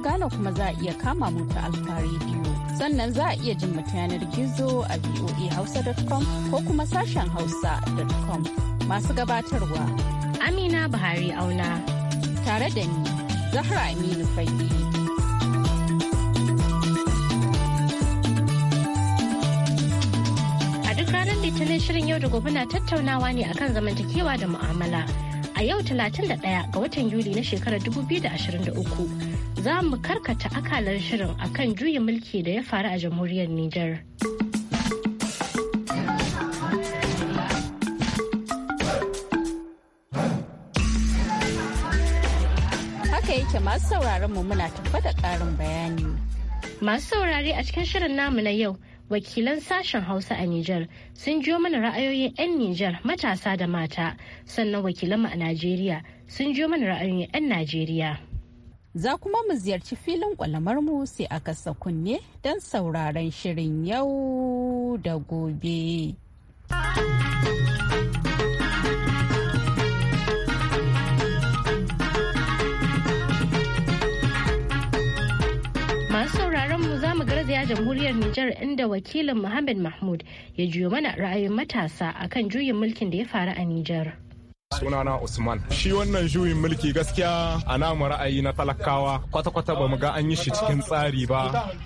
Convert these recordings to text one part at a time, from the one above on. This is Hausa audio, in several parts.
kasar Ghana kuma za a iya kama mu ta Alfa Radio. Sannan za a iya jin mu ta yanar gizo a voahausa.com ko kuma sashen hausa.com. Masu gabatarwa. Amina Buhari Auna. Tare da ni, Zahra Aminu a duk ranar litinin shirin yau da gobe na tattaunawa ne akan zamantakewa da mu'amala a yau 31 ga watan yuli na shekarar 2023 za mu karkata akalar shirin a kan juyin mulki da ya faru a jamhuriyar Nijar. Haka yake masu sauraron mu muna tafa da ƙarin bayani. Masu saurare a cikin shirin namu na yau. wakilan sashen hausa a Nijar sun jiyo mana ra'ayoyin 'yan Nijar matasa da mata sannan wakilanmu a Najeriya sun jiyo mana ra'ayoyin 'yan Najeriya. Za kuma mu ziyarci filin mu sai a kasa kunne don sauraron shirin yau da gobe. Masu sauraron za garzaya jamhuriyar Nijar inda wakilin Muhammad Mahmud ya juyo mana ra'ayin matasa akan juyin mulkin da ya faru a Nijar. sunana Usman. Shi wannan juyin mulki gaskiya a namu ra'ayi na talakawa kwata-kwata ba mu ga an yi shi cikin tsari ba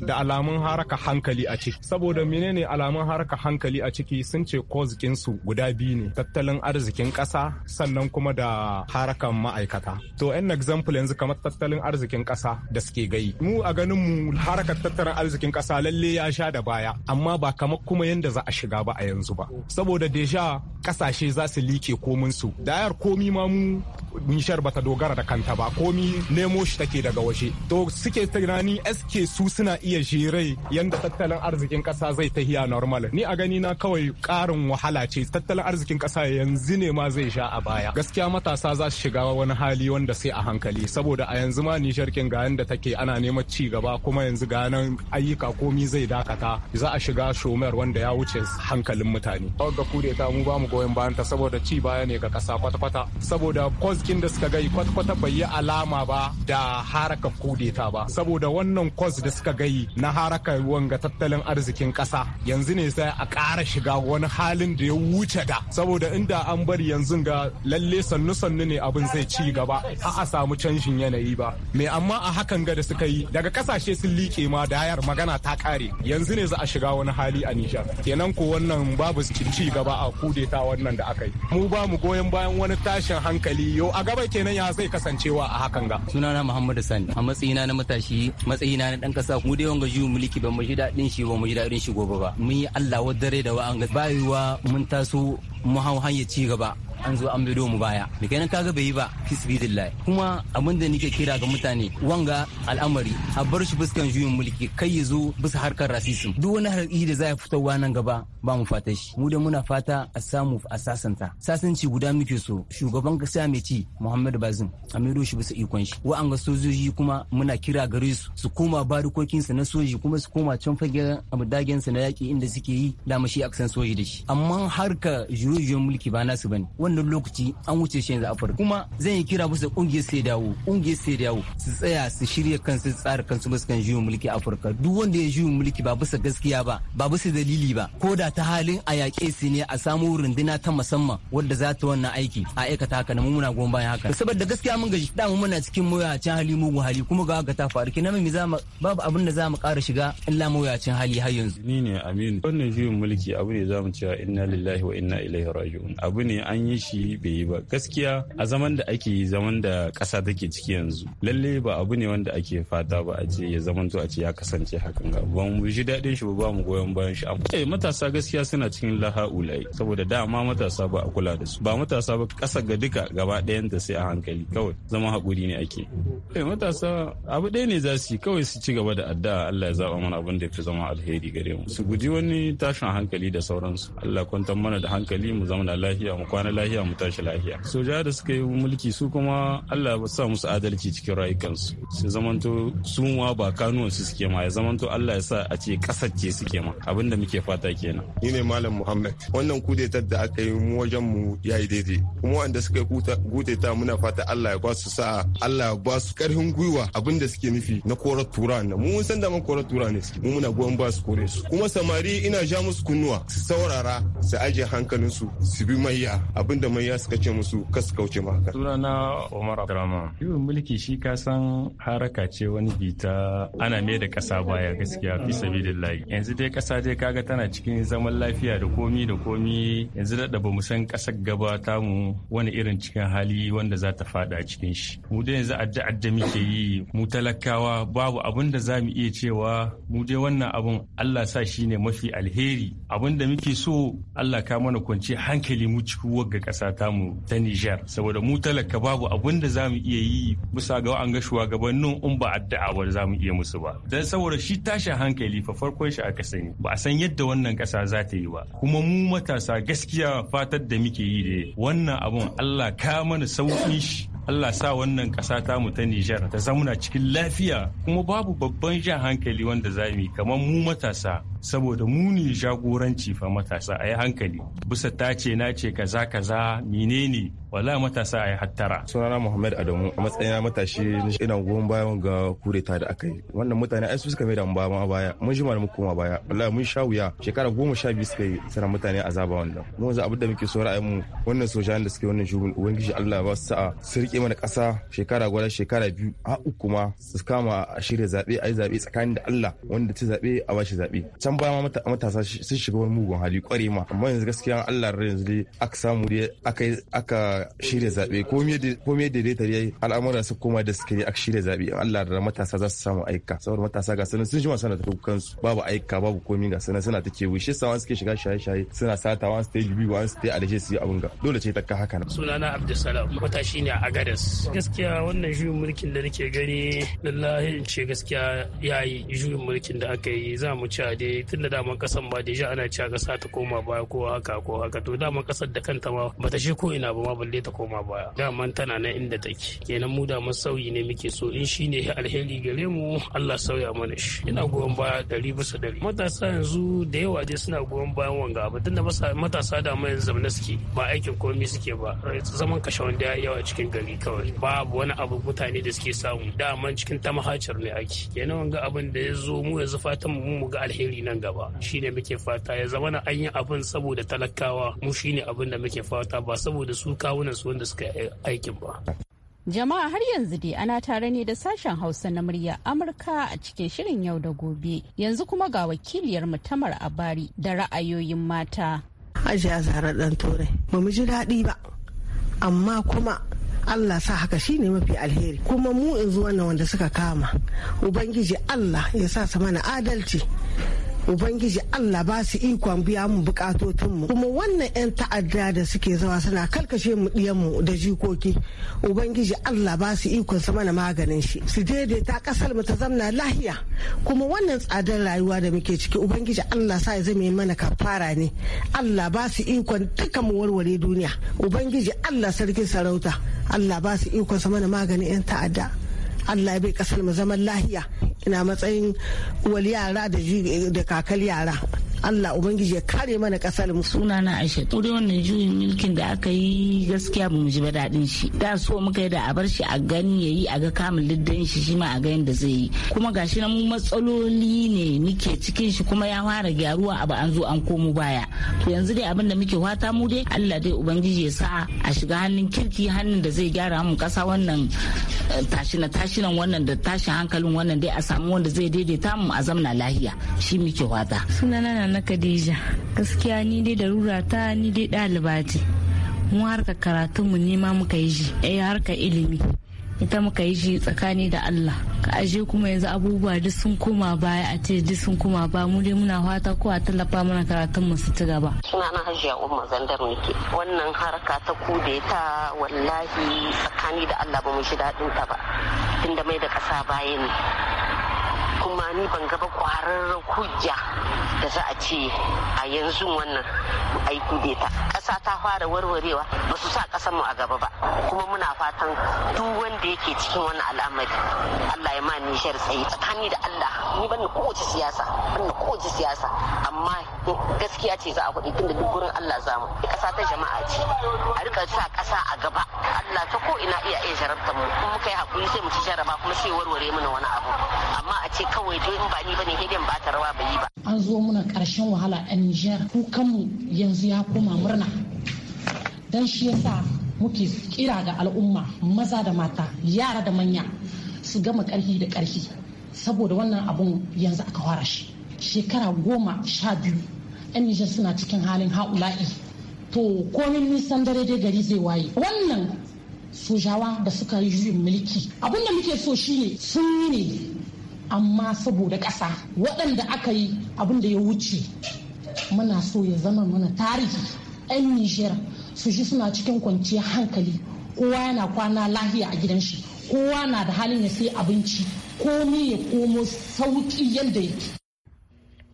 da alamun haraka hankali a ciki. Saboda menene alamun haraka hankali a ciki sun ce ko su guda biyu ne tattalin arzikin ƙasa sannan kuma da harakan ma'aikata. To an example yanzu kamar tattalin arzikin ƙasa da suke gai. Mu a ganin mu harakar tattalin arzikin ƙasa lalle ya sha da baya amma ba kamar kuma yanda za a shiga ba a yanzu ba. Saboda deja ƙasashe za su like komin su. Da tsayar komi ma mu nishar bata dogara da kanta ba komi nemo shi take daga waje to suke tunani sk su suna iya jirai yanda tattalin arzikin kasa zai ta tahiya normal ni a gani na kawai karin wahala ce tattalin arzikin kasa yanzu ne ma zai sha a baya gaskiya matasa za su shiga wani hali wanda sai a hankali saboda a yanzu ma nishar kin ga yanda take ana neman ci gaba kuma yanzu ga nan ayyuka komi zai dakata za a shiga shomer wanda ya wuce hankalin mutane. Ga kudeta mu ba mu goyon bayan ta saboda ci baya ne ga kasa kwata-kwata saboda bakin da suka gai kwata-kwata bai yi alama ba da haraka kudeta ba saboda wannan kwas da suka gai na haraka wanga tattalin arzikin kasa yanzu ne sai a ƙara shiga wani halin da ya wuce da saboda inda an bari yanzu ga lalle sannu-sannu ne abin zai ci gaba har a samu canjin yanayi ba me amma a hakan ga da suka yi daga kasashe sun liƙe ma dayar magana ta ƙare yanzu ne za a shiga wani hali a Nijar kenan ko wannan babu ci gaba a kudeta wannan da aka yi mu ba mu goyon bayan wani tashin hankali yau a gaba kenan ya zai kasancewa a hakan ga sunana muhammadu sani a matsayina na matashi matsayina na dan kasa mu dai wanga juyin mulki ba mu ji dadin shi ba mu ji dadin shi gobe ba mun yi Allah wa dare da wa'an ga bayuwa mun taso mu hau hanyar ci gaba an zo an bido mu baya da kenan kaga bai yi ba bismillah kuma abin da nake kira ga mutane wanga al'amari a bar shi fuskan juyin mulki kai ya zo bisa harkar rasism duk wani harki da za a fitowa nan gaba ba mu fata shi mu da muna fata a samu a sasanta sasanci guda muke so shugaban kasa mai ci muhammad bazin a maido shi bisa ikon shi ga sojoji kuma muna kira gare su su koma barikokinsu na soji kuma su koma can fagen dagensu na yaki inda suke yi dama a aksan soji da shi amma harka juyin mulki ba nasu bane wannan lokaci an wuce shi yanzu afirka kuma zan yi kira musu kungiyar sai dawo kungiyar sai dawo su tsaya su shirya kansu tsara kansu musu kan juyin mulki afirka duk wanda ya juyin mulki ba bisa gaskiya ba ba bisa dalili ba ko da ta halin a yaƙe su ne a samu runduna ta musamman wadda za ta wannan aiki a aikata haka na muna goma bayan haka saboda gaskiya mun gaji da muna cikin mawuyacin hali mugun hali kuma ga ga ta faru kenan me za mu babu abin da za mu ƙara shiga illa mawuyacin hali har yanzu ni ne aminu wannan juyin mulki abu ne za mu cewa inna lillahi wa inna ilaihi raji'un abu ne an yi shi bai yi ba gaskiya a zaman da ake yi zaman da ƙasa take ciki yanzu lalle ba abu ne wanda ake fata ba a ce ya zamanto a ce ya kasance hakan ga ba mu ji daɗin shi ba mu goyon bayan shi amma eh, matasa gaskiya suna cikin laha'ulai saboda dama matasa ba a kula da su ba matasa ba ƙasa ga duka gaba ɗayan da sai a hankali kawai zama haƙuri ne ake eh matasa abu ɗaya ne za su kawai su ci gaba da addu'a Allah ya zaba mana abin da ya fi zama alheri gare mu su guji wani tashin hankali da sauransu Allah kwantar mana da hankali mu zama lafiya mu kwana lafiya lahiya mu tashi lahiya soja da suka yi mulki su kuma Allah ya sa musu adalci cikin rayukansu su zamanto su ma ba kanuwan su suke ma ya zamanto Allah ya sa a ce kasar ce suke ma abinda muke fata kenan ni ne malam Muhammad wannan kudetar da aka yi mu wajen mu yayi daidai kuma wanda suka kudeta muna fata Allah ya ba su sa Allah ya ba su karfin gwiwa abinda suke nufi na korar turan nan mu san da mun korar turan ne mu muna goyon ba su kore su kuma samari ina ja musu kunnuwa su saurara su aje hankalinsu su bi mayya abin da mai ya suka ce musu kas kauce ma haka. Sunana Omar Abdurrahman. Yiwin mulki shi ka san haraka ce wani bita ana me da ƙasa baya gaskiya fi layi. Yanzu dai ƙasa dai kaga tana cikin zaman lafiya da komi da komi yanzu da bamu mu san ƙasar gaba ta mu wani irin cikin hali wanda za ta fada cikin shi. Mu dai yanzu adda adda muke yi mu talakawa babu abin da za mu iya cewa mu dai wannan abun Allah sa shi ne mafi alheri abin da muke so Allah ka mana kwanci hankali mu ciki wagga ƙasa tamu ta Nijar saboda mu talaka babu abin da za mu iya yi bisa ga an ga shugabannin in ba addu'a ba za mu iya musu ba dan saboda shi tashin hankali fa farkon shi aka sani ba a san yadda wannan ƙasa za ta yi ba kuma mu matasa gaskiya fatar da muke yi da wannan abun Allah ka mana sauƙin shi Allah sa wannan ƙasa ta mu ta Nijar ta na cikin lafiya kuma babu babban jan hankali wanda za mu yi kamar mu matasa saboda mu ne jagoranci fa matasa a yi hankali bisa ta ce na ce kaza kaza menene wala matasa a yi hattara. sunana muhammad adamu a matsayin matashi ina goyon bayan ga kureta da aka yi wannan mutane ai su suka mai da mu baya baya mun shi da mu koma baya wallahi mun sha wuya shekara goma sha biyu suka yi sana mutane azaba wannan mu yanzu abin da muke so ra'ayin mu wannan sojan da suke wannan shugun ubangiji Allah ba su sa'a su rike mana kasa shekara gwada shekara biyu a uku ma su kama a shirya zaɓe a yi zaɓe tsakanin da Allah wanda ta zaɓe a bashi zaɓe can baya ma matasa sun shiga wani mugun hali kware ma amma yanzu gaskiya Allah rai yanzu dai aka samu dai aka shirya zaɓe komai ya yi al'amura su koma da suke a shirya zaɓe Allah da matasa za su samu aika saboda matasa ga sanin sun shi masu da kansu babu aika babu komi ga sanin suna ta kewu sa wani suke shiga shaye-shaye suna sata wani su ta yi biyu wani su ta yi alishe su yi abin ga dole ce ta ka haka. sunana abdulsalam matashi ne a gadas gaskiya wannan juyin mulkin da nake gani lallahi in ce gaskiya ya yi juyin mulkin da aka yi za mu ci a dai tun da daman kasan ba deja ana ci a kasa ta koma ba ko haka ko haka to daman kasar da kanta ma bata shi ko ina ba ma kulle ta koma baya daman tana nan inda take kenan mu da sauyi ne muke so in shine alheri gare mu Allah sauya mana shi ina goyon baya ɗari bisa ɗari matasa yanzu da yawa dai suna goyon bayan wanga ba tunda matasa da mai yanzu suke ba aikin komai suke ba zaman kashe wanda ya yawa cikin gari kawai babu wani abu mutane da suke samu daman cikin ta tamahacir ne ake kenan wanga abin da ya zo mu yanzu fatan mu mu ga alheri nan gaba shine muke fata ya zama an yi abin saboda talakawa mu shine abin da muke fata ba saboda su kawo kawunan su wanda suka aikin ba Jama'a har yanzu dai ana tare ne da sashen Hausa na murya Amurka a cikin shirin yau da gobe. Yanzu kuma ga wakiliyar mutamar a bari da ra'ayoyin mata. Hajiya zara dan Turai, ba mu ji daɗi ba, amma kuma Allah sa haka shine mafi alheri kuma mu in zuwa wanda suka kama ubangiji Allah ya sa su mana adalci ubangiji allah ba su ikon biya mu mu. kuma wannan 'yan ta'adda da suke zama suna kalkashe mu mu da jikoki ubangiji allah ba su ikon sama na maganin shi su daidaita kasar mu ta zamna lahiya kuma wannan tsadar rayuwa da muke ciki ubangiji allah sa ya zame mana kafara ne allah ba su ikon duka mu warware duniya ubangiji allah sarkin sarauta allah ba su ikon sama na maganin 'yan ta'adda Allah bai kasar mu zaman lahiya ina matsayin uwal yara da kakal yara Allah ubangiji ya kare mana kasar mu na Aisha to dai wannan juyin mulkin da aka yi gaskiya ba mu ji ba dadin shi da so muka yi da a bar shi a gani yayi a ga kamun liddan shi shi ma a ga yanda zai yi kuma gashi na mu matsaloli ne muke cikin shi kuma ya fara gyaruwa abu an zo an komo baya to yanzu dai abin da muke fata mu dai Allah dai ubangiji ya sa a shiga hannun kirki hannun da zai gyara mu kasa wannan eh, tashina nan wannan da tashi hankalin wannan dai a samu wanda zai daidaita mu a zamna lahiya shi muke fata sunana na Khadija. Gaskiya ni dai darura ta ni dai ɗaliba ce. Mu harka karatu mu nema muka yi shi, ai eh, harka ilimi. Ita muka yi shi tsakani da Allah. Ka aje kuma yanzu abubuwa duk sun koma baya a ce duk sun koma ba mu dai muna fata ko a tallafa mana karatun mu su ci gaba. Suna na hajiya umma zandar nake. Wannan harka ta kude ta wallahi tsakani da Allah ba mu shi daɗin ta ba. Tunda mai da kasa baya kuma ni ban gaba kwararra hujja da za a ce a yanzu wannan aiku ta ƙasa ta fara warwarewa ba su sa ƙasar mu a gaba ba kuma muna fatan duk wanda yake cikin wannan al'amari Allah ya ma shar tsaye. tsakani da Allah ni ban da kowace siyasa ban da kowace siyasa amma gaskiya ce za a kuɗi tunda duk gurin Allah za mu ƙasa ta jama'a ce a rika sa ƙasa a gaba Allah ta ko ina iya iya jarabta mu kuma kai yi hakuri sai mu ci jaraba kuma sai warware mana wani abu amma a ce kawai dai in ba ni bane sai ba ta rawa bai yi ba an zo muna karshen wahala a Niger kukanmu yanzu ya koma murna dan shi yasa muke kira ga al'umma maza da mata yara da manya su gama karfi da karfi saboda wannan abun yanzu aka fara shi shekara goma sha biyu yan nijar suna cikin halin ha'ula'i to komin nisan dare dai gari zai waye wannan sojawa da suka yi juyin mulki abin da muke so shine sun yi ne amma saboda ƙasa waɗanda aka yi abin da ya wuce muna so ya zama mana tarihi 'yan nijar su shi suna cikin kwanciyar hankali kowa yana kwana lahiya a gidan shi kowa na da halin ya sai abinci komi ya komo sauki yadda yake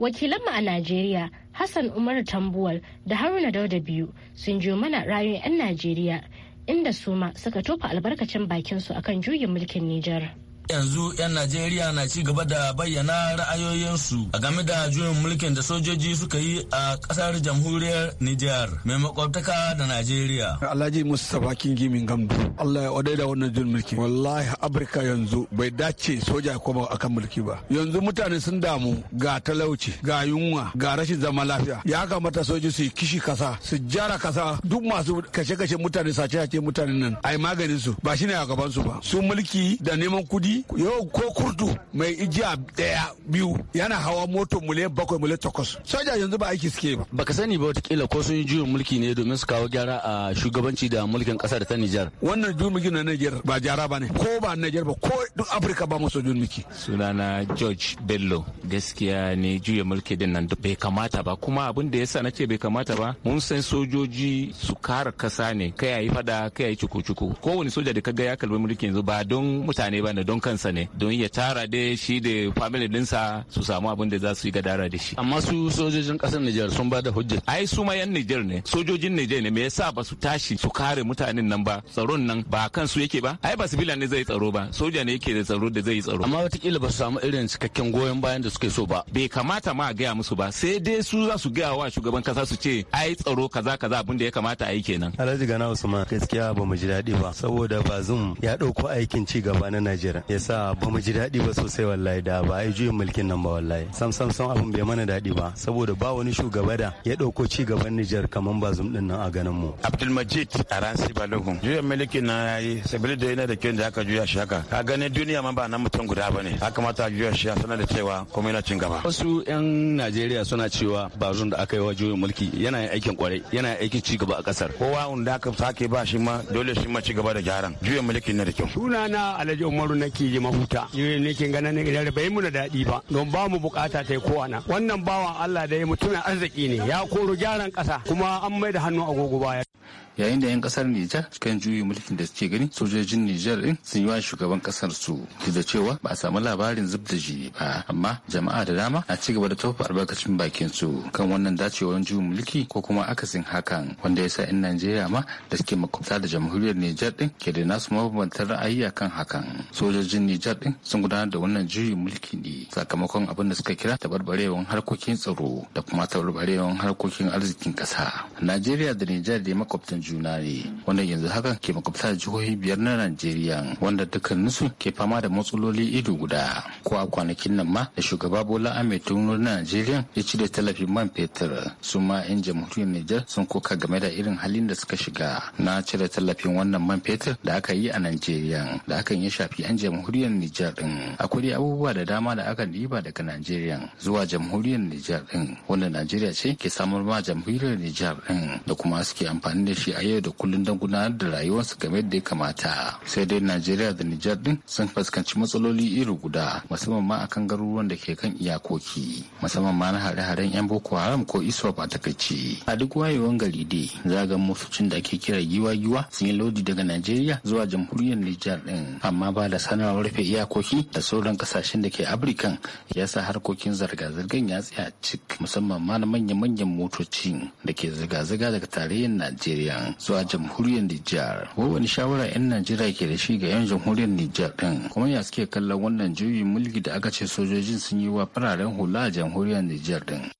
wakilanmu a najeriya hassan umar tambuwal da haruna dauda biyu sun jiyo mana rayuwar 'yan najeriya inda su ma suka tofa albarkacin bakinsu akan juyin mulkin nijar yanzu 'yan najeriya na ci gaba da bayyana ra'ayoyinsu a game da juyin mulkin da sojoji suka yi a kasar jamhuriyar niger mai makwabtaka da najeriya alhaji mustapha kingi min gambo allah ya odai da wannan juyin mulki wallahi afirka yanzu bai dace soja ya koma akan mulki ba yanzu mutane sun damu ga talauci ga yunwa ga rashin zama lafiya ya kamata soji su yi kishi kasa su jara kasa duk masu kashe-kashe mutane sace-sace mutanen nan a yi maganin su ba shine a gaban ba su mulki da neman kudi yau ko kurdu mai igiya daya biyu yana hawa moto mule bakwai mule takwas soja yanzu ba aiki suke ba baka sani ba watakila ko sun yi juyin mulki ne domin su kawo gyara a shugabanci da mulkin kasar ta Nijar wannan juyin mulki na Nijar ba gyara ba ne ko ba Nijar ba ko duk Afirka ba masu juyin mulki sunana George Bello gaskiya ne juyin mulki din nan bai kamata ba kuma abin da yasa nace bai kamata ba mun san sojoji su kara kasa ne kai yi fada kai yi cuku-cuku kowane soja da kaga ya kalbi mulki yanzu ba don mutane ba ne don kansa ne don ya tara da shi da family dinsa su samu abin da za su yi gadara da shi amma su sojojin kasar Nijar sun ba da hujja ai su ma yan Nijar ne sojojin Nijar ne me yasa ba su tashi su kare mutanen nan ba tsaron nan ba kan su yake ba ai ba sibilan ne zai tsaro ba soja ne yake da tsaro da zai tsaro amma watakila ba su samu irin cikakken goyon bayan da suke so ba bai kamata ma a gaya musu ba sai dai su za su gaya wa shugaban kasa su ce ai tsaro kaza kaza abin da ya kamata a yi kenan alhaji gana usman gaskiya ba mu ji daɗi ba saboda bazum ya ɗauko aikin ci gaba na najeriya sa ba mu ji daɗi ba sosai wallahi da ba a juyin mulkin nan ba wallahi sam sam sam abin bai mana daɗi ba saboda ba wani shugaba da ya ɗauko ci gaban Nijar kamar ba zum din nan a ganin mu Abdulmajid Aransi Balogun juyin mulkin nan yayi sabili da yana da kyan da aka juya shi haka ka gani duniya ma ba nan mutum guda bane a kamata a juya shi a sanar da cewa komai na cin gaba wasu yan Najeriya suna cewa ba zum da aka yi wa juyin mulki yana yin aikin kwarai yana yin aikin ci gaba a kasar kowa wanda aka sake ba shi ma dole shi ma ci gaba da gyaran juyin mulkin na da kyau sunana Alhaji Umaru Naki nake yi mahuta ne nake ganin idan bai muna da daɗi ba don ba mu bukata ta ko ana wannan bawan Allah da ya mutumin arziki ne ya koro gyaran ƙasa kuma an mai da hannu agogo baya yayin da 'yan kasar Nijar kan juyi mulkin da suke gani sojojin Nijar din sun yi wa shugaban kasar su da cewa ba a samu labarin zub da jini ba amma jama'a da dama na ci gaba da tofa albarkacin bakin su kan wannan dacewar juyin mulki ko kuma akasin hakan wanda ya sa 'yan Najeriya ma da suke makwabta da jamhuriyar Nijar din ke da nasu mabambantar ra'ayi kan hakan sojojin Nijar din sun gudanar da wannan juyin mulki ne sakamakon abin da suka kira tabarbarewan harkokin tsaro da kuma tabarbarewan harkokin arzikin kasa Najeriya da Nijar da makwabtan juna ne wanda yanzu haka ke makwabta jihohi biyar na Najeriya wanda dukkaninsu ke fama da matsaloli ido guda. Ko a kwanakin nan ma da shugaba Bola Ahmed Tinubu na Najeriya ya cire talafin man fetur su ma 'yan jamhuriyar Nijar sun koka game da irin halin da suka shiga na cire tallafin wannan man fetur da aka yi a Najeriya da hakan ya shafi 'yan jamhuriyar Nijar din. Akwai dai abubuwa da dama da aka diba daga Najeriya zuwa jamhuriyar Nijar din wanda Najeriya ce ke samar ma jamhuriyar Nijar din da kuma suke amfani da shi a yau da kullum don gudanar da rayuwarsu game da ya kamata sai dai najeriya da nijar din sun fuskanci matsaloli iri guda musamman ma akan garuruwan da ke kan iyakoki musamman ma na hare-haren yan boko haram ko ba ta takaice a duk wayewan gari dai zagan motocin da ake kira giwa-giwa sun yi lodi daga najeriya zuwa jamhuriyar nijar din amma ba da sanarwar rufe iyakoki da sauran kasashen da ke afirkan ya sa harkokin zirga-zirgar ya tsaya cik musamman ma na manya-manyan motocin da ke zirga-zirga daga tarayyar najeriya kenan zuwa jamhuriyar Nijar. Wani shawara 'yan Najeriya ke da shi ga 'yan jamhuriyar Nijar din kuma ya suke kallon wannan juyin mulki da aka ce sojojin sun yi wa fararen hula a jamhuriyar Nijar din.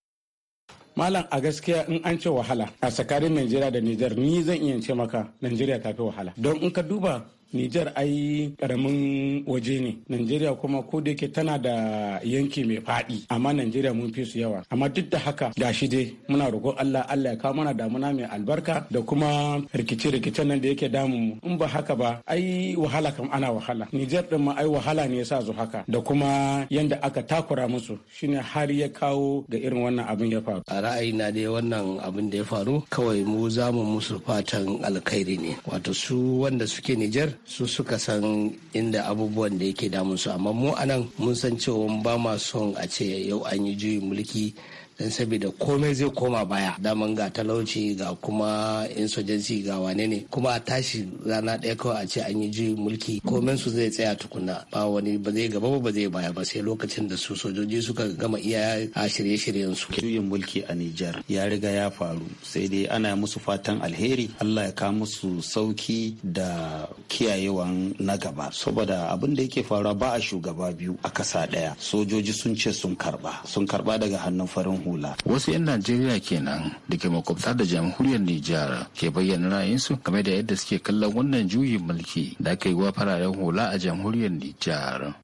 malam a gaskiya in an ce wahala a tsakanin najeriya da nijar ni zan iya ce maka najeriya ta fi wahala don in ka duba Nijar ai karamin waje ne. Najeriya kuma ko da yake tana da yanki mai faɗi amma Najeriya mun fi su yawa. Amma duk da haka gashi dai muna roƙon Allah Allah ya kawo mana damuna mai albarka da kuma rikice-rikicen nan da yake damu mu. In ba haka ba ai wahala kam ana wahala. Nijar din ma ai wahala ne yasa su haka da kuma yanda aka takura musu shine har ya kawo ga irin wannan abin ya faru. A ra'ayi na dai wannan abin da ya faru kawai mu zamu musu fatan alkhairi ne. Wato su wanda suke Nijar su suka san inda abubuwan da yake damunsu amma mu anan mun san cewa ba ma son a ce yau an yi juyin mulki don saboda komai zai koma baya daman ga talauci ga kuma insurgency ga wane ne kuma a tashi rana ɗaya kawai a ce an yi juyin mulki komen su zai tsaya tukuna ba wani ba zai gaba ba zai baya ba sai lokacin da su sojoji suka gama iya a shirye-shiryen su juyin mulki a Nijar ya riga ya faru sai dai ana musu fatan alheri Allah ya ka musu sauki da kiyayewan na gaba saboda abin da yake faruwa ba a shugaba biyu a kasa ɗaya sojoji sun ce sun karba sun karba daga hannun farin hula wasu 'yan najeriya kenan da ke makwabta da jamhuriyar nijar ke bayyana ra'ayinsu game da yadda suke kallon wannan juyin mulki da aka yi wa fararen hula a jamhuriyar nijar.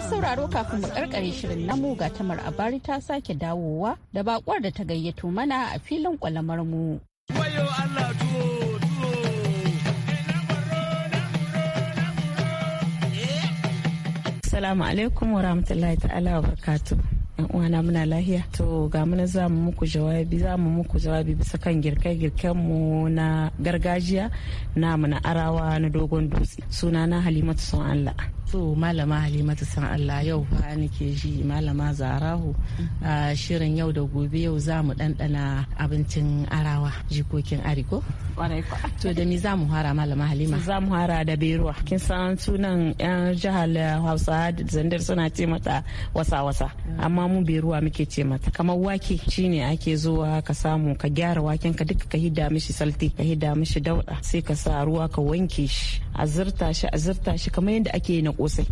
Masu sauraro kafin mu karkare shirin namu ga tamar abari ta sake dawowa da bakwar da ta gayyato mana a filin kwalamar mu. alaikum wa rahmatullahi ta'ala wa barkatu. yan uwana muna lahiya to ga muna za mu muku jawabi za mu muku jawabi bisa kan girke-girken mu na gargajiya na mu na arawa na dogon dutse suna na halimatu sun Allah so malama halimatu san allah yau fa nake ji malama zarahu mm. a shirin yau da gobe yau za mu ɗanɗana abincin arawa jikokin ariko to da mi za mu hara malama halima za mu hara da beruwa kin san sunan yan jihar hausa da zandar suna ce mata wasa wasa mm. amma mu beruwa muke ce mata kamar wake shine ake zuwa ka samu ka gyara waken ka duka ka hidda mishi salti ka hidda mishi dauɗa. sai ka sa ruwa ka wanke shi a shi a shi kamar yadda ake na kosai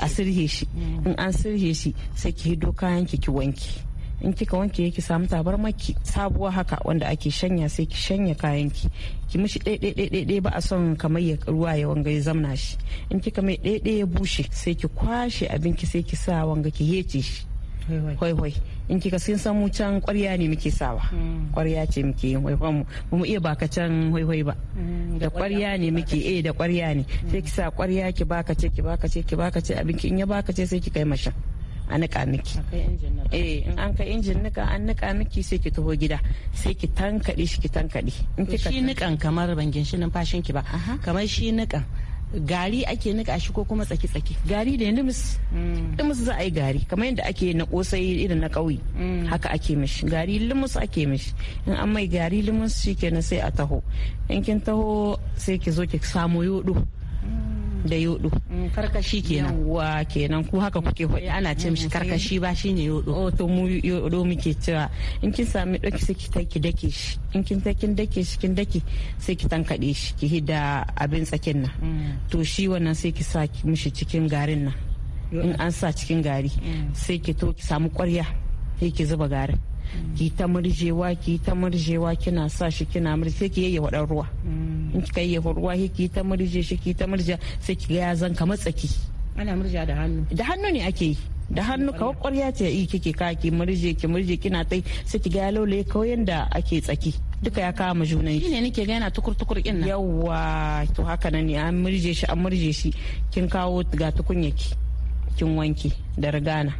a sirhe shi mm. in an sirhe shi sai ki hido kayan ki ki wanki in kika wanke ki samu tabarmaki sabuwa haka wanda ake shanya sai ki shanya kayan ki ki mishi ɗaiɗaiɗaiɗai ba a son kamar ya ruwa ya wanga ya zamna shi in kika mai ɗaiɗai ya bushe sai ki kwashe abinki sai ki sa wanga ki yece shi hoihoi in kika sun san mu can kwarya ne muke sawa kwarya mm. ce muke yin hoihon mu ba mu iya baka can hoihoi ba mm, da kwarya ne muke eh da kwarya ne mm. sai ki sa kwarya ki baka ce ki baka ce ki baka ce abin ki in ya baka ce sai ki kai mashin a nika miki eh in an kai injin nika an nika miki sai ki taho gida sai ki tankade shi ki tankade in kika shi nikan kamar ban ginshi numfashin ki ba kamar shi nikan gari ake nika shi ko kuma tsaki-tsaki gari da dumus dumus mm. za a yi gari kamar yadda ake na kosai irin na kauye mm. haka ake mishi gari limus ake mishi in an mai gari limus kenan sai a taho in kin taho sai ki zo ki samo yodo mm. da yodo mm, karkashi kenan wa kenan ku haka kuke hoye ana ce mishi mm, karkashi ba shine yodo oh to mu yodo muke cewa in kin sami doki sai ki taki dake shi in kin taki dake shi kin dake sai ki tankade shi ki hida abin tsakin nan mm. to shi wannan sai ki saki mishi cikin garin nan in an sa cikin gari sai ki to ki samu kwarya sai ki zuba garin ki ta murjewa ki ta murjewa kina sa shi kina murje sai ki yayye hudan ruwa mm. in ki yayye ruwa ki ta murje shi ki ta murje sai ki ga ya zanka matsaki ana murja da hannu da hannu ne ake yi da hannu kawai kwarya ce yi kike ka ki murje ki murje kina tai sai ki ga ya laulaye kawai yanda ake tsaki duka ya kama junan shi ne nake ga yana tukur tukur din nan yawa to haka nan ne an murje shi an murje shi kin kawo ga tukunyaki kin wanki da rigana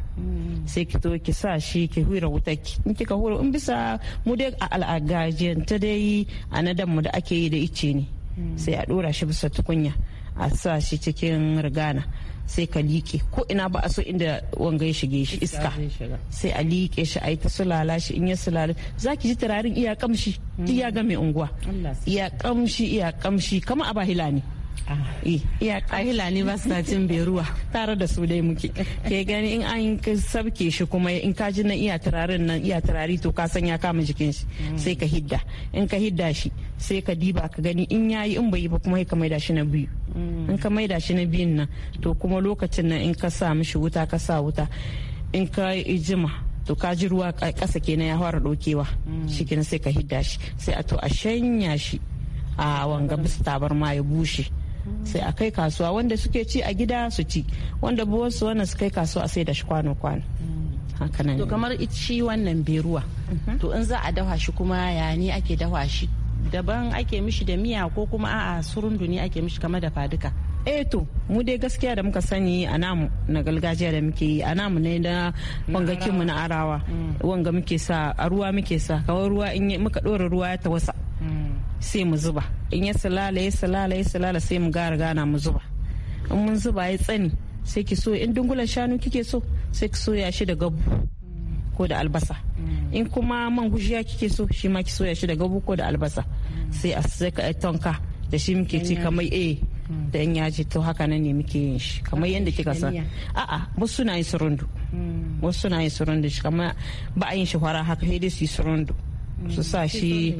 sai ki to ki sa shi ki hura wuta in kika hura in bisa mu dai a ta dai a nadan mu da ake yi da ice ne sai a dora shi bisa tukunya a sa shi cikin rigana sai ka liƙe ko ina ba a so inda wanga ya shige shi iska sai a liƙe shi a yi ta sulala shi in ya sulala za ki ji turarin iya kamshi iya ga mai unguwa iya kamshi iya kamshi kama a bahila ne Ah, a hilani ba su cin beruwa tare da su dai muke ke gani in an sabke shi kuma in ka ji na iya turarin nan iya turari to ka san ya kama jikin shi sai ka hidda in ka hidda shi sai ka diba ka gani in ya yi in bai yi ba kuma ka maida shi na biyu mm. in ka maida shi na biyun nan to kuma lokacin nan in ka sa mishi wuta ka sa wuta in ka jima to ka ji ruwa kasa kenan ya fara dokewa mm. shi kenan sai ka hidda shi sai a to a shanya shi a wanga bisa tabar ma ya bushe sai a kai kasuwa wanda suke ci a gida su ci wanda buwarsu wannan su kai kasuwa sai da shi kwano-kwano hakanan to kamar ci wannan beruwa mhm. to in za a dafa shi kuma ya ne ake dafa shi daban ake mishi da miya ko kuma a surundu ne ake mishi kamar da faduka eh to mu dai gaskiya da muka sani a namu na gargajiya da muke yi a namu ne na wangakin mu na arawa mm. wanga muke sa a ruwa muke sa kawai ruwa in muka dora ruwa ya wasa. sai mu zuba in ya salala ya salala ya salala sai mu gara gana mu zuba in mun zuba ya tsani sai ki so in dungulan shanu kike so sai ki soya shi da gabu ko da albasa mm. in kuma man gujiya kike so shi ma ki soya shi da gabu ko da albasa mm. sai a sai ka tonka da shi muke ci kamar eh mm. da yan yaji to haka nan ne muke yin shi kamar ah, yadda kika san a'a ba na yin surundu wasu na yin surundu shi kamar ba a yin shi haka sai dai su yi surundu su sa shi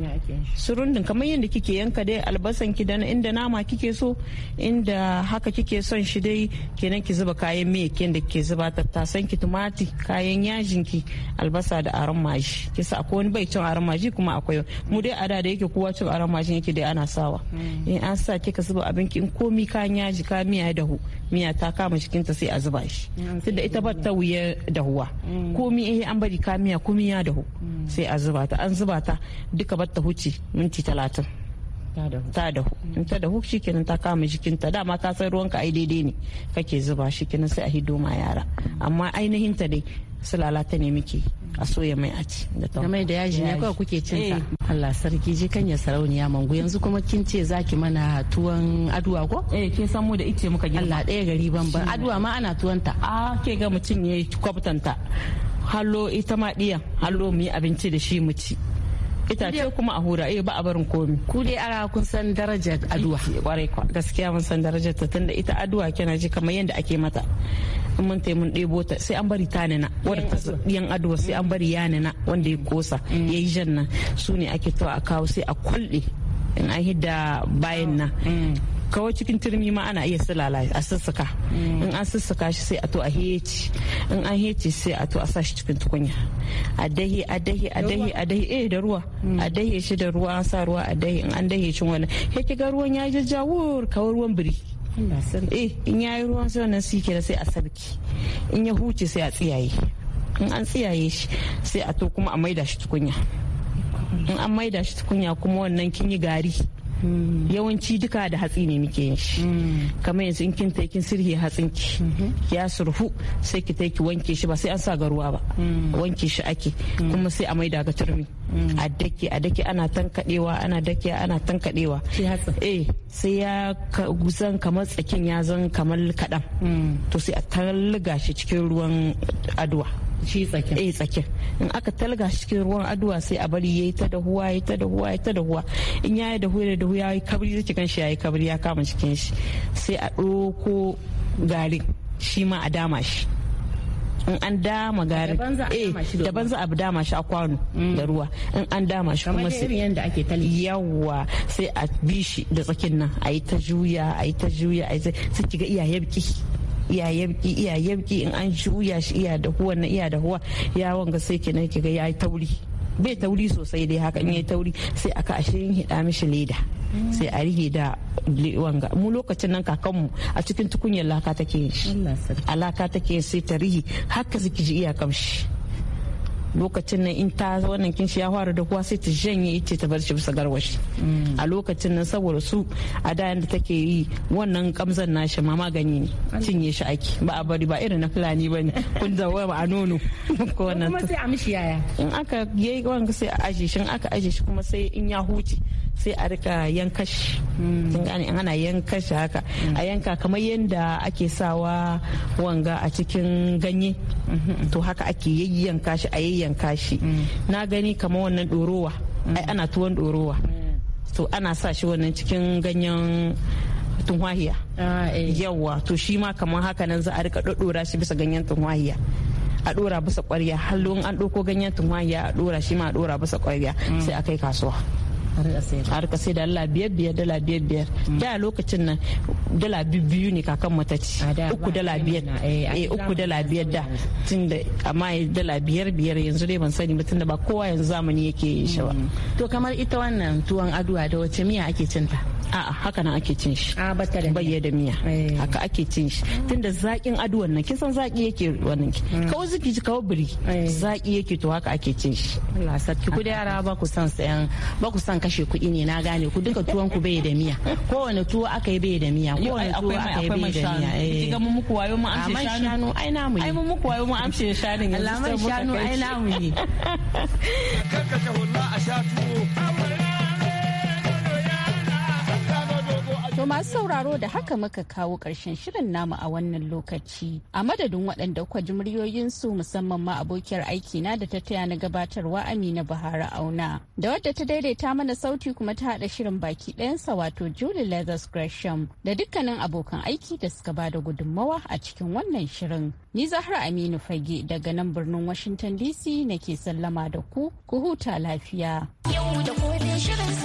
surundin kamar yadda kike yanka dai albasan ki da inda nama kike so inda haka kike son shi dai kenan ki zuba kayan miyakin da kike zuba tattasan ki tumati kayan yajin ki albasa da aron maji kisa akwai wani bai cin aron maji kuma akwai mu dai a da da yake kowa cin aron maji yake dai ana sawa hmm. in an sa kika zuba abin ki in komi kayan yaji ka miya dahu miya ta kama ta sai a zuba shi hmm, tunda ita ba ta wuya dahuwa hmm. komi eh an bari ka miya komi ya dahu sai a zuba ta an zuba ta duka batta huce minti talatin ta dahu in ta dahu shikenan ta kama ta dama ka san ruwanka ai daidai ne kake zuba shikenan sai a hido ma yara amma ainihin ta dai su lalata ne muke a soya mai aci da ta mai da yaji ne kawai kuke cin ta eh. Allah sarki ji kan ya sarauniya mangu yanzu kuma kin ce zaki mana tuwon aduwa ko eh kin san mu da ice muka girma Allah daya gari ban ban aduwa ma ana tuwon ta a ke ga mutum yayi kwabtanta hallo ita ma diyan hallo mu yi abinci da shi mu ci itace kuma a hura eh ba a barin komi ku dai ara kun san darajar aduwa kwarai kwa gaskiya mun san darajar ta tunda ita aduwa kina ji kamar yadda ake mata in mun taimun ɗebo ta sai an bari na wadda ta yan aduwa sai an bari na wanda ya kosa mm. ya yi jan nan su ne ake to a kawo sai a kwalɗe in an hidda bayan oh. na. Mm. kawai cikin turmi ma ana iya sulala a sassaka mm. in an sassaka shi sai a to a heci in an heci sai a to a sa shi cikin tukunya a dahi a dahi a dahi a dahi eh da ruwa mm. a dahi shi da ruwa an sa ruwa a dahi in an dahi shi wannan ki ga ruwan ya jajjawur kawai ruwan biri eh in yi ruwan sai wannan sike sai a sarki in ya huce sai a tsiyaye in an tsiyaye shi sai a to kuma a maida shi tukunya in an maida shi tukunya kuma wannan kin yi gari yawanci duka da hatsi ne muke yin shi kamar yanzu in kin ta kin sirhe hatsin ki ya surhu sai ki ta ki wanke shi ba sai an sa ga ruwa ba wanke shi ake kuma sai a maida ga turmi a dake a dake ana tankadewa ana dake ana tankadewa eh sai ya zan kamar tsakin ya zan kamar kadan mm. to sai a talliga shi cikin ruwan aduwa shi tsakin eh tsakin in aka talga shi cikin ruwan aduwa sai a bari yayi ta dahuwa yayi ta dahuwa yayi ta dahuwa in yayi dahuwa da dahuwa yayi kabri zai kan shi yayi kabri ya kama cikin shi sai a ɗauko garin shi ma a dama shi in an dama garin eh daban za a dama shi a kwano mm. da ruwa in an dama shi kuma sai yanda ake tali yawa sai a bi shi da tsakin nan a yi ta juya a yi ta juya a yi sai kiga iyaye biki iya yabki iya yabki in an shuya shi iya da huwa na iya da huwa ya wanga sai kenan kiga yayi tauri bai tauri sosai dai haka in yayi tauri sai aka ashirin hida mishi leda sai a rihe da wanga mu lokacin nan kakanmu a cikin tukunyar laka take yin shi alaka take sai ta rihe haka ziki ji iya kamshi lokacin nan in ta wannan kinshi ya fara da kuwa sai ta janye ita ta bar shi bisa garwashi mm. a lokacin nan saboda su a da da take yi wannan kamzan nashi ma magani ne cinye shi ake ba a bari ba irin na fulani ba ne kun da ba a nono ko wannan kuma sai a mishi yaya in aka yayi wanka sai a aje shi in aka aje shi kuma sai in ya huce sai a rika yanka shi mm. kin gane ana yanka shi haka mm. a yanka kamar yadda ake sawa wanga a cikin ganye mm-hmm. to haka ake yayyanka shi a yayyanka biyan kashi na gani kama wannan ɗorowa ai ana tuwon ɗorowa to ana sa shi wannan cikin ganyen tunwahiya ah, eh. yawa to shi ma kamar haka nan za a rika ɗoɗora shi bisa ganyen tunwahiya a ɗora bisa ƙwarya hallo an ɗauko ganyen tunwahiya a ɗora shi ma a ɗora bisa ƙwarya mm. sai a kai kasuwa a rika sai da dala biyar biyar dala biyar biyar hmm. da lokacin nan dala biyu ne kakan mata ci uku dala biyar eh, eh uku dala biyar da tun da amma dala biyar biyar yanzu dai ban sani ba da ba kowa yanzu zamani yake yin shi ba hmm. to kamar ita wannan tuwon aduwa da wace miya ake ta? a'a haka nan ake cin shi Ba ah, bayya da miya eh. haka ake cin shi tunda zakin aduwan nan san zaki yake wannan ki hmm. kawo ziki ji kawo biri eh. zaki yake to haka ake cin shi Allah sarki ku da yara ba ku san sayan ba ku san kashe kuɗi ne na gane ku duka tuwon ku bai da miya kowane tuwo aka yi bai da miya kowane tuwo aka yi bai da miya eh ga mun muku wayo mun amshe shanu ai namu ne ai mu muku wayo mun amshe shanu Allah shanu ai mu ne kanka ta a sha tuwo To masu sauraro da haka muka kawo ƙarshen shirin namu a wannan lokaci. A madadin waɗanda kwa ji muryoyinsu musamman ma abokiyar aiki na da ta taya na gabatarwa Amina Bahara Auna. Da wadda ta daidaita mana sauti kuma ta haɗa shirin baki ɗayansa wato Julie Leathers Gresham da dukkanin abokan aiki da suka bada gudunmawa a cikin wannan shirin. Ni Zahra Aminu Fage daga nan birnin Washington DC nake sallama da ku, ku huta lafiya. Yau da shirin